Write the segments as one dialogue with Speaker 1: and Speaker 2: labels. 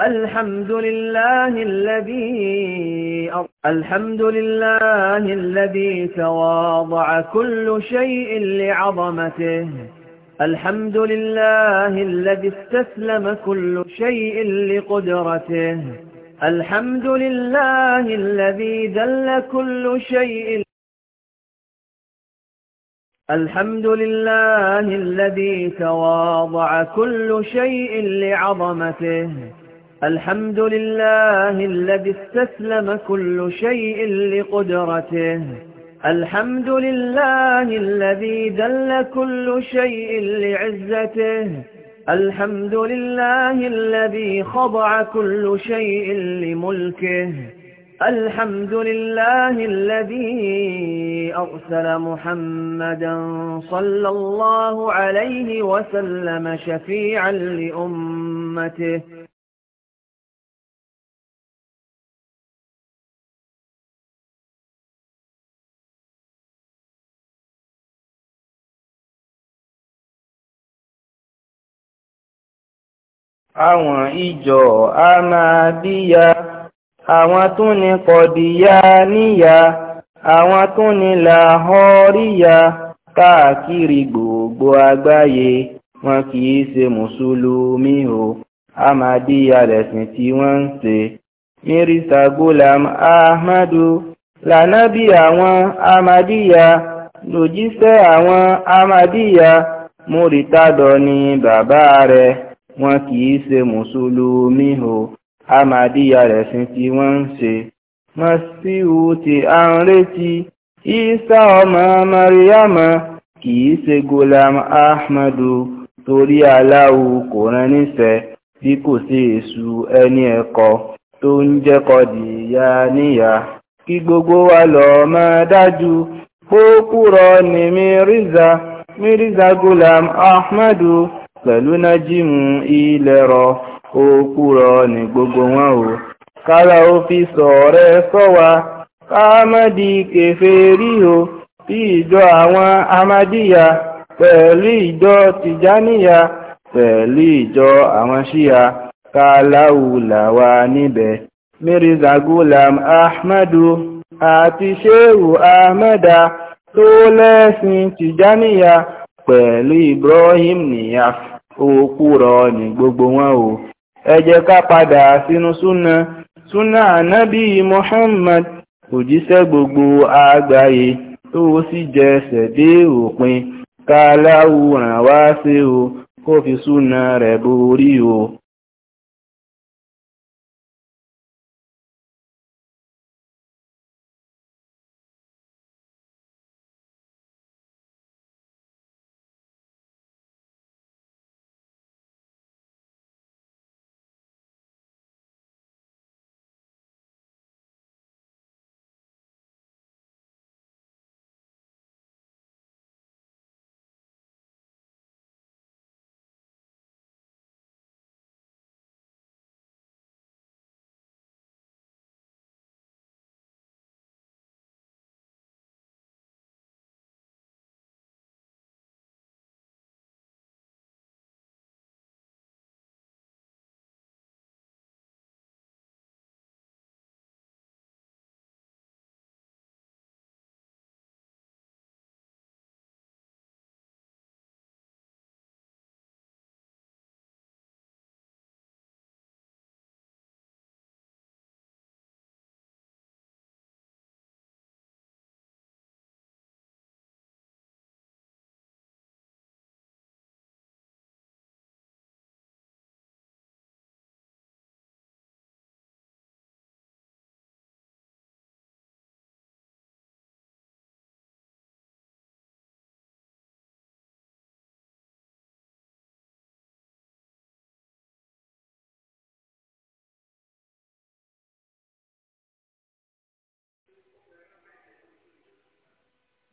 Speaker 1: الحمد لله الذي الحمد لله الذي تواضع كل شيء لعظمته الحمد لله الذي استسلم كل شيء لقدرته الحمد لله الذي ذل كل شيء الحمد لله الذي تواضع كل شيء لعظمته الحمد لله الذي استسلم كل شيء لقدرته الحمد لله الذي دل كل شيء لعزته الحمد لله الذي خضع كل شيء لملكه الحمد لله الذي أرسل محمدا صلى الله عليه وسلم شفيعا لأمته
Speaker 2: àwọn ìjọ amadíyà àwọn tó ní kọ̀díyà níyà àwọn tó ní làhọ́ríyà káàkiri gbogbo àgbáyé wọn kì í ṣe mùsùlùmí o amadíyà lẹ̀sìn tí wọ́n ń ṣe mírísà gulam ahmadu lànábì àwọn amadíyà lòjíṣẹ́ àwọn amadíyà múrítàdọ̀ ni bàbá rẹ̀ wọn kì í ṣe mùsùlùmí o amadíyà rẹ̀ sin tí wọ́n ń ṣe masihu tí a ń retí isa ọmọ mariama kì í ṣe gulam ahmadu torí aláwo kò rán níṣẹ́ bí kò sí èṣù ẹni ẹ̀kọ́ tó ń jẹ́kọ̀ dìyà níyà kí gbogbo wa lọ máa dájú pókúrọ ní mírízà mírízà gulam ahmadu pẹ̀lú nájímù ilẹ̀rọ òkúrọ ní gbogbo wọn o kára ó fi sọ̀rẹ́ sọ́wa káàmọ́dì kèfèrí o bí ìjọ àwọn amadíyà pẹ̀lú ìjọ tìjáníyà pẹ̀lú ìjọ àwọn ṣíyà káàláwùlàwà níbẹ̀ Mirza Gulam Ahmadu àti Ṣéhù Ahmada tó lẹ́sìn tìjáníyà pẹ̀lú Ibrahim Niyas owó kúrọ̀ ní gbogbo wọn o ẹ jẹ́ ká padà sínú súnà súnà ànábì Muhammad òjíṣẹ́ gbogbo àgbáyé tó sì jẹsẹ̀ dé òpin ká láwùrán wá sí o kó fi súnà rẹ̀
Speaker 3: borí o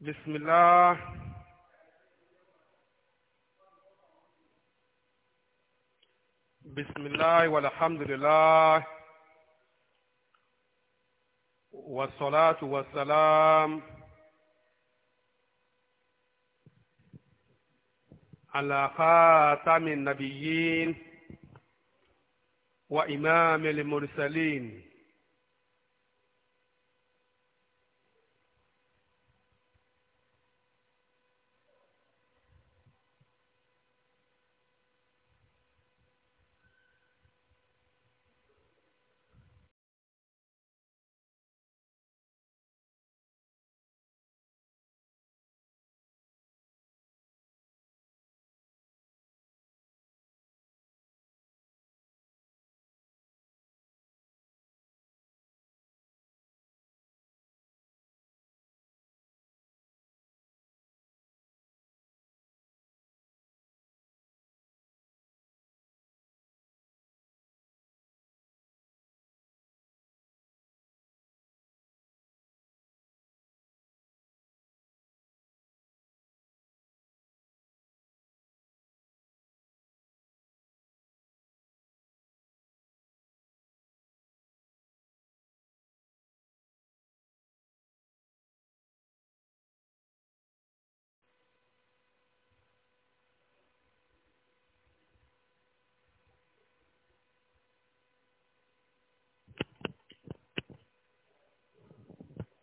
Speaker 3: بسم الله بسم الله والحمد لله والصلاة والسلام على خاتم النبيين وإمام المرسلين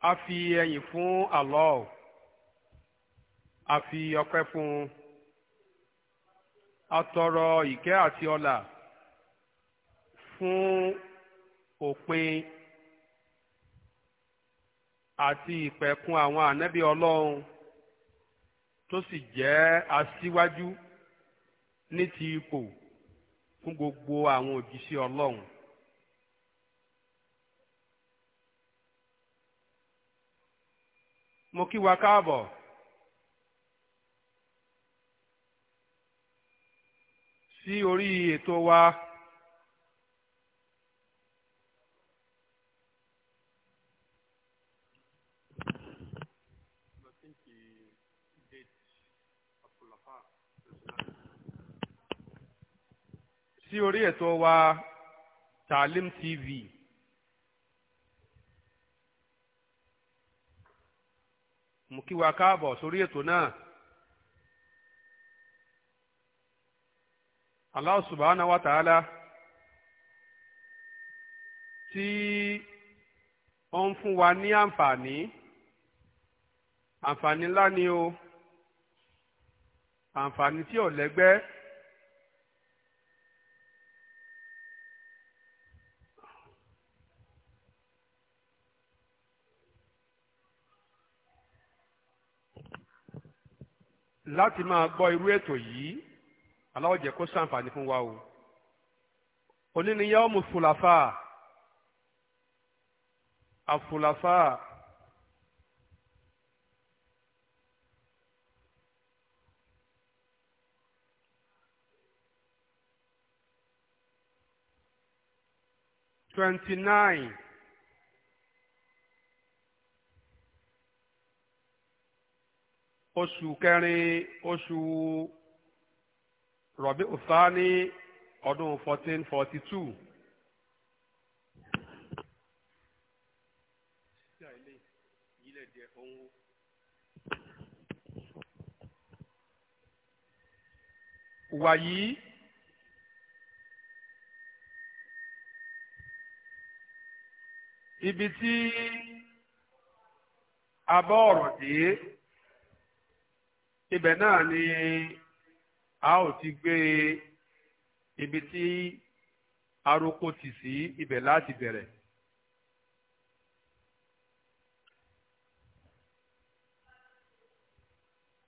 Speaker 3: a fi ẹyìn fún Allah a fi ọpẹ́ fún un a tọrọ ìkẹ́ àti ọlà fún òpin àti ìpẹ̀kun àwọn ànábì Ọlọ́run tó sì jẹ́ aṣíwájú ní ti ipò fún gbogbo àwọn òjíṣẹ́ Ọlọ́run. mo kí wa káàbọ̀. sí orí ètò wa sí orí ètò wa Taalim TV mo kí wa káàbọ̀ sórí ètò náà. Allah subhanahu wa ta'ala tí ó ń fún wa ní àǹfààní àǹfààní ńlá ni o àǹfààní tí ò lẹ́gbẹ́. láti máa gbọ́ irú ètò yìí aláwọ̀ jẹ́ kó ṣàǹfààní fún wa o oníníyàwó mu fùlàfà àfùlàfà twenty nine. oṣù kẹrin oṣù rọ̀bí ọ̀sánì ọdún fourteen forty two. wàyí ibi tí abọ́ ọ̀rọ̀ dé. ibẹ̀ náà ni a ó ti gbé ibi tí aroko ti sí ibẹ̀ láti bẹ̀rẹ̀.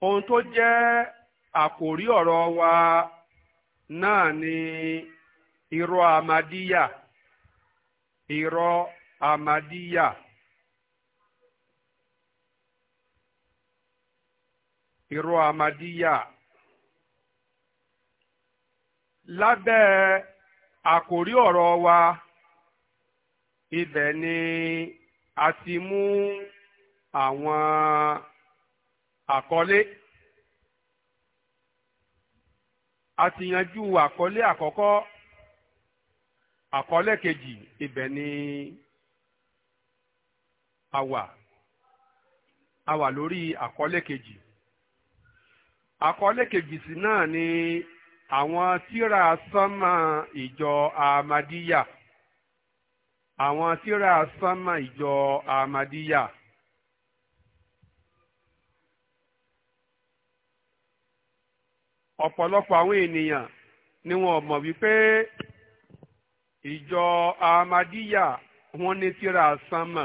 Speaker 3: ohun tó jẹ́ àkòrí ọ̀rọ̀ wa náà ni irọ́ amadíyà irọ́ amadíyà. irọ́ amadíyà lábẹ́ àkòrí ọ̀rọ̀ wa ibẹ̀ ni a ti mú àwọn àkọlé a ti yanjú àkọlé àkọ́kọ́ àkọlé kejì ibẹ̀ ni a wà a wà lórí àkọlé kejì. àkọlé kejì sí náà ni àwọn tíra sánmà ìjọ amadiya. àwọn tíra sánmà ìjọ amadiya. ọ̀pọ̀lọpọ̀ àwọn ènìyàn ni wọn mọ̀ wípé ìjọ amadiya wọn ní tíra sánmà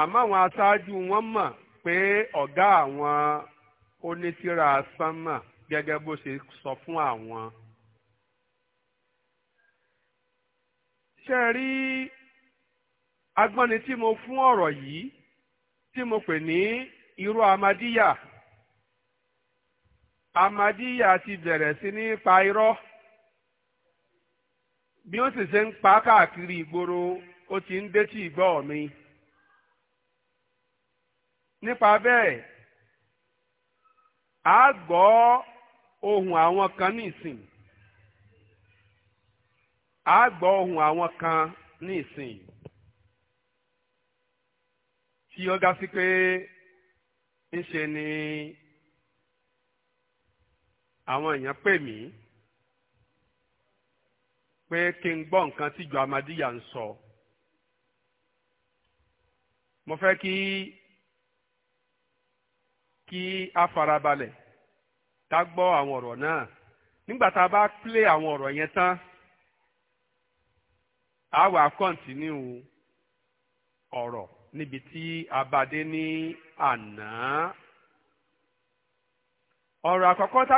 Speaker 3: àmọ́ àwọn aṣáájú wọn mọ̀ pé ọ̀gá àwọn onítìrà sánmà gẹ́gẹ́ bó ṣe sọ fún àwọn. ṣe rí agbọ́ni tí mo fún ọ̀rọ̀ yìí tí mo pè ní irú amadíyà amadíyà ti bẹ̀rẹ̀ sí ní pa irọ́ bí ó sì ṣe ń pa káàkiri ìgboro ó ti ń dé tí ìgbọ́ mi. nípa bẹ́ẹ̀ a gbọ́ ohun àwọn kan ní ìsìn a gbọ́ ohun àwọn kan ní ìsìn tí ó ga sí pé ńṣe ni àwọn èèyàn pè mí pé kí n gbọ́ nǹkan tíjọ amadíyà ń sọ mo fẹ́ kí. kí a farabalẹ̀ ká gbọ́ àwọn ọ̀rọ̀ náà nígbà tá a bá plé àwọn ọ̀rọ̀ yẹn tán a wà kọ́ntínú ọ̀rọ̀ níbi tí a bá dé ní àná ọ̀rọ̀ àkọ́kọ́ tá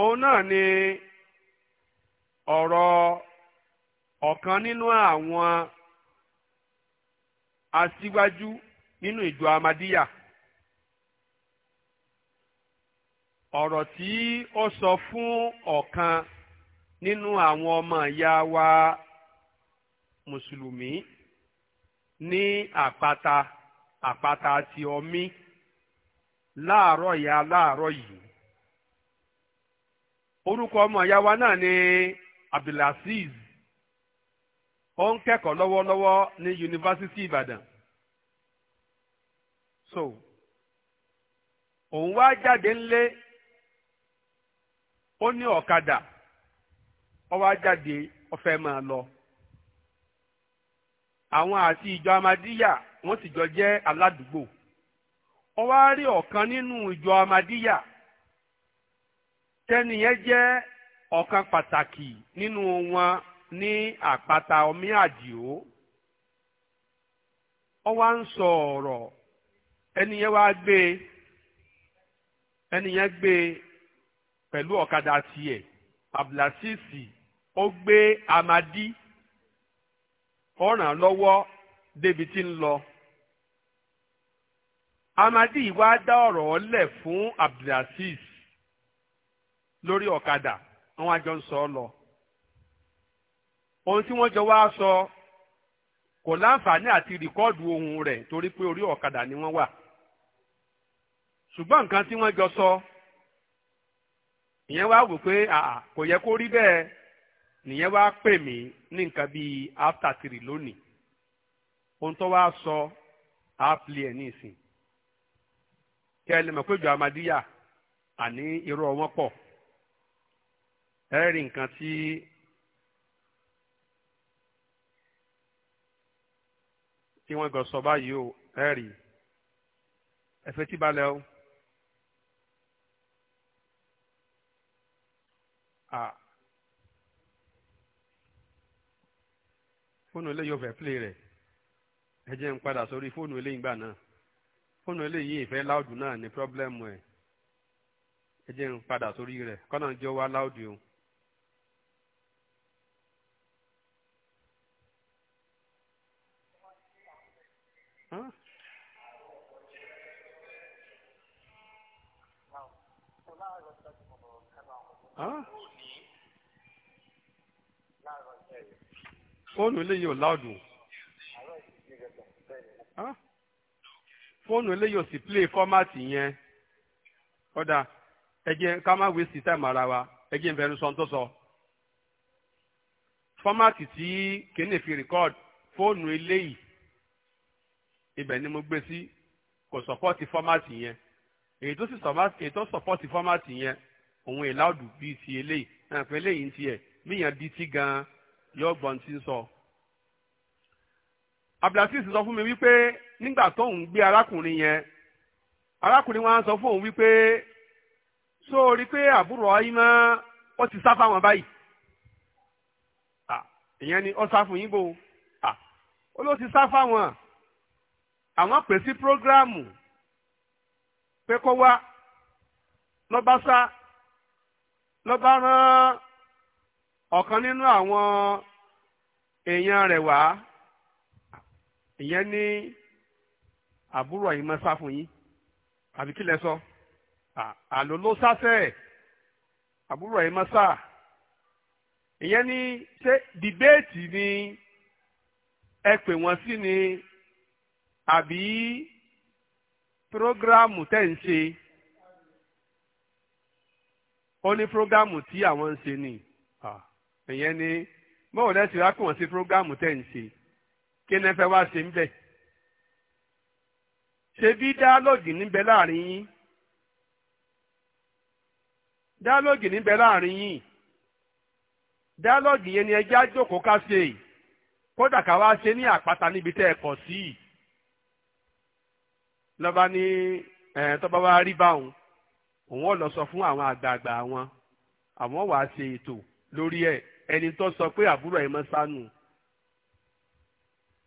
Speaker 3: òun náà ni ọ̀rọ̀ ọ̀kan nínú àwọn aṣíwájú. nínú ìjọ amadíyà ọ̀rọ̀ tí ó sọ fún ọ̀kan nínú àwọn ọmọ ìyá wa mùsùlùmí ní àpáta àpáta omi ọmí láàárọ̀ ìyá láàárọ̀ yìí orúkọ ọmọ ìyá wa náà ni Abdulaziz ó ń kẹ́kọ̀ọ́ lọ́wọ́lọ́wọ́ ní yunifásitì Ìbàdàn so òun wá jáde ńlé ó ní ọ̀kadà ó wá jáde ó máa lọ àwọn àti ìjọ amadíyà wọ́n sì jọ jẹ́ aládùúgbò ó wá rí ọ̀kan nínú ìjọ amadíyà tẹ́niyẹn jẹ́ ọ̀kan pàtàkì nínú wọn ní àpáta omi àdìo ó wá ń sọ ọ̀rọ̀ ẹni yẹn wá gbé ẹni yẹn gbé pẹ̀lú ọ̀kadà tiẹ̀ abdulasiisi ó gbé amadi ọ̀ràn lọ́wọ́ débi tí ń lọ amadi wá dá ọ̀rọ̀ ọ̀lẹ̀ fún abdulaziz lórí ọ̀kadà àwọn àjọ ń sọ ọ lọ ohun tí wọ́n jọ wá sọ kò láǹfààní àti rìkọ́ọ̀dù ohun rẹ̀ torí pé orí ọ̀kadà ni wọ́n wà. ṣùgbọ́n nǹkan tí wọ́n jọ sọ ìyẹn wá wò pé kò yẹ kó rí bẹ́ẹ̀ nìyẹn wá pè mí ní nǹkan bíi after three lónìí ohun tó wá sọ àpilẹ̀ ẹ̀ ní ìsìn kí ẹ lè mọ̀ pé ìjọ amadíyà àní irọ́ wọn pọ̀ ẹ rí nǹkan tí tí wọ́n gọ̀ sọ báyìí o ẹ rí ẹ fetí balẹ̀ o. fóònù eléyìí ò fẹ́ play rẹ̀ ẹ jẹ́ ń padà sórí fóònù eléyìí gbà náà fóònù eléyìí ìfẹ́ láòdù náà ní pírọ́blẹ́mù ẹ̀ ẹ jẹ́ ń padà sórí rẹ̀ kọ́nà ń jọ wá láòdù o. Huh? fóònù eléyìí ò láòdù fóònù eléyìí ò sì play fọ́mátì yẹn kódà ẹ jẹ́ ká má waste time ara wa ẹ jẹ́ ìfẹnu sọ tó sọ fọ́mátì tí kéènì fi record fóònù eléyìí ibẹ̀ ni mo gbé sí kò sọ́pọ́ọ̀tì fọ́mátì yẹn èyí tó sì èyí tó sọ́pọ́ọ̀tì fọ́mátì yẹn òun ìláòdù bíi ti eléyìí náà eléyìí ń tiẹ̀ míyàn di ti gan-an yóò gbọ́n sọ. abdulaziz sọ fún mi wípé nígbà tóun gbé arákùnrin yẹn arákùnrin wa sọ fún òun wípé sọ rí pé àbúrò ayímá ó ti sá fáwọn báyìí ìyẹn ni ó sá fún yín bò ó ló ti sá fáwọn àwọn pè sí prógráàmù pé kó wá ọ̀kan nínú àwọn èèyàn rẹ̀ wá ìyẹn ní àbúrò àyìnmọ́ sá fún yín àbí kí lẹ sọ àlò ló sáfẹ́ àbúrò àyìnmọ́ sá ìyẹn ní ṣé dìbéètì ni ẹ pè wọ́n sí ni àbí prógráàmù tẹ̀ ń ṣe ó ní prógráàmù tí àwọn ń ṣe ni. Ah. ìyẹn ni báwo lẹ́sì wá sí prógámù tẹ̀ ń ṣe kí ni ẹ fẹ́ wá ṣe ń bẹ̀. ṣe bí dáálọ́gì níbẹ̀ láàrin yín níbẹ̀ láàrin yín dáálọ́gì yẹn ni ẹjẹ́ àjòkó ká ṣe kódà ká wá ṣe ní àpáta níbi tẹ́ ẹ wá lọ sọ fún àwọn àgbààgbà wọn àwọn wàá ṣe ètò lórí ẹ̀ ẹni tó sọ pé àbúrò ẹ̀ mọ́ sánú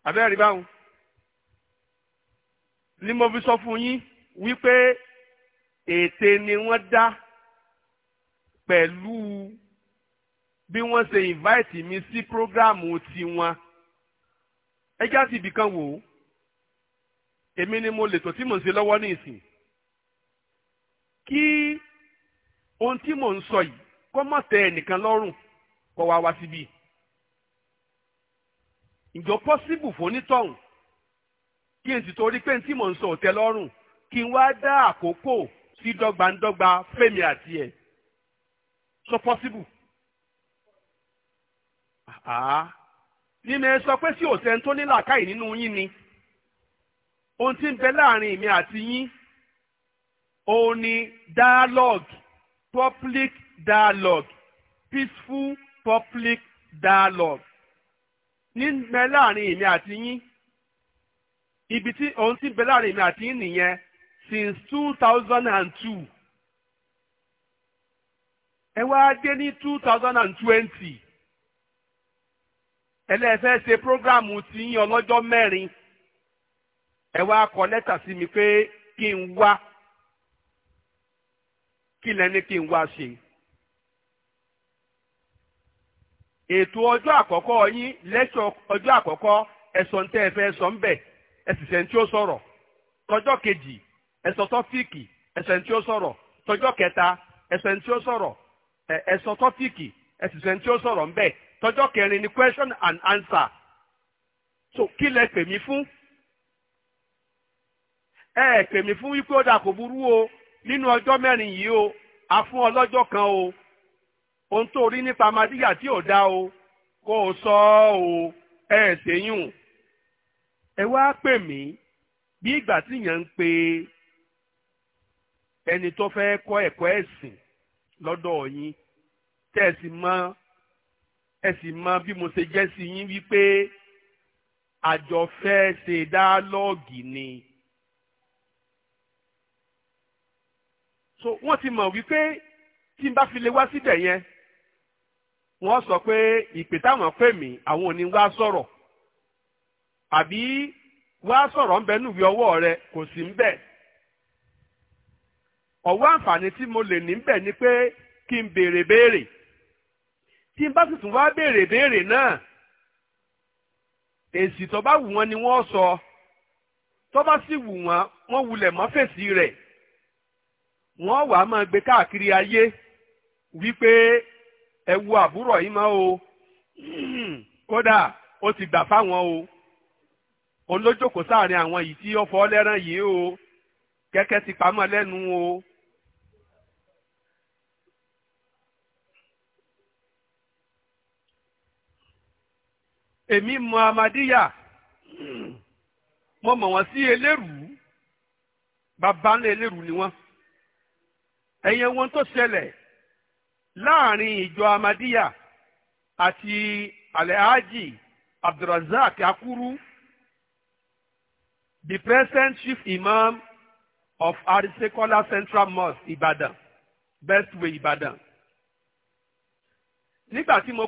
Speaker 3: abẹ́rẹ́ báwọn ni mo fi sọ fún yín wípé ète ni wọ́n dá pẹ̀lú bí wọ́n ṣe invite mi sí prógráàmù tiwọn ẹ já sí ibìkan wò ó èmi ni mo lè tó tí mò ń ṣe lọ́wọ́ ní ìsìn kí ohun tí mò ń sọ yìí kó má tẹ ẹnìkan lọ́rùn kọ́ wá wá síbí ǹjọ́ pọ́síbù fonítọ̀hún kí n sì torí pé tí mò ń sọ òtẹ́ lọ́rùn kí n wá dá àkókò sí dọ́gbandọ́gba fẹ́mi àti ẹ̀ sọ pọ́síbù. ní mi sọ pé sí òtẹ́ tó ní làákàyè nínú yín ni ohun tí ń bẹ láàrin mi àti yín òun ni dialogue public dialogue peaceful public dialogue ní bẹ láàrin èmi àti yín ibi tí òun ti bẹ láàrin èmi àti yín nìyẹn since two thousand and two ẹ wá dé ní two thousand and twenty ẹlẹ́fẹ́ ṣe prógráàmù tí yín ọlọ́jọ́ mẹ́rin ẹ wá kọ lẹ́tà sí mi pé kí n wá kí lẹ́ni kí n wá ṣe. ètò ọjọ́ àkọ́kọ́ yín lẹ́sọ̀ ọjọ́ àkọ́kọ́ ẹ̀sọ̀ ń tẹ́ ẹ fẹ́ sọ ń bẹ̀ ẹ̀sìn sẹ́ni tí ó sọ̀rọ̀ tọjọ́ kejì ẹ̀sọ̀ tọ́fíìkì ẹ̀sìn tí ó sọ̀rọ̀ tọjọ́ kẹta ẹ̀sìn tí ó sọ̀rọ̀ ẹ̀sọ̀ tọ́fíìkì ẹ̀sìn sẹ́ni tí ó sọ̀rọ̀ ń bẹ̀ tọjọ́ kẹrin ni question and answer so kí lẹ pè mí fún ẹ ẹ pè mí fún wípé ó dà kò burú o nínú ọjọ́ mẹ́rin yìí o a fún kan o ohun tó rí nípa amadíyà tí ò dá o kó o sọ ọ́ o ẹ ṣẹ́yìn ẹ wá pè mí bí ìgbà tí yẹn ń pe ẹni tó fẹ́ kọ́ ẹ̀kọ́ ẹ̀sìn lọ́dọ̀ yín tẹ́ ẹ sì mọ ẹ sì mọ bí mo ṣe jẹ́ sí yín wípé àjọ fẹ́ ṣe dáálọ́ọ̀gì ni. so wọ́n ti mọ̀ wípé tí n bá fi lè wá síbẹ̀ yẹn wọ́n sọ pé ìpè táwọn pè mí àwọn òní ní wá sọ̀rọ̀ àbí wá sọ̀rọ̀ ń bẹ nùwé ọwọ́ rẹ kò sí ń bẹ̀. ọ̀wọ́ àǹfààní tí mo lè ní bẹ̀ ni pé kí n béèrè béèrè tí n bá sì tún wá béèrè béèrè náà èsì tó bá wù wọ́n ni wọ́n sọ tó bá sì wù wọn wọ́n wulẹ̀ mọ́ fèsì rẹ̀ wọ́n wàá máa gbé káàkiri ayé wípé ẹ wo àbúrò yìí mọ́ o kódà ó ti gbà fáwọn o òun ló jókòó sáàrin àwọn yìí tí ó fọ́ lẹ́rán yìí o kẹ́kẹ́ ti pamọ́ lẹ́nu o. èmi mọ amadíyà mo mọ̀ wọ́n sí elérùú bàbá ńlá ni wọ́n ẹ̀yẹ wọn tó ṣẹlẹ̀ láàrin ìjọ amadiya àti alhaji abdulrasaq akuru the present chief imam of arisekola central mosque ibadan best way ibadan nígbà tí mo.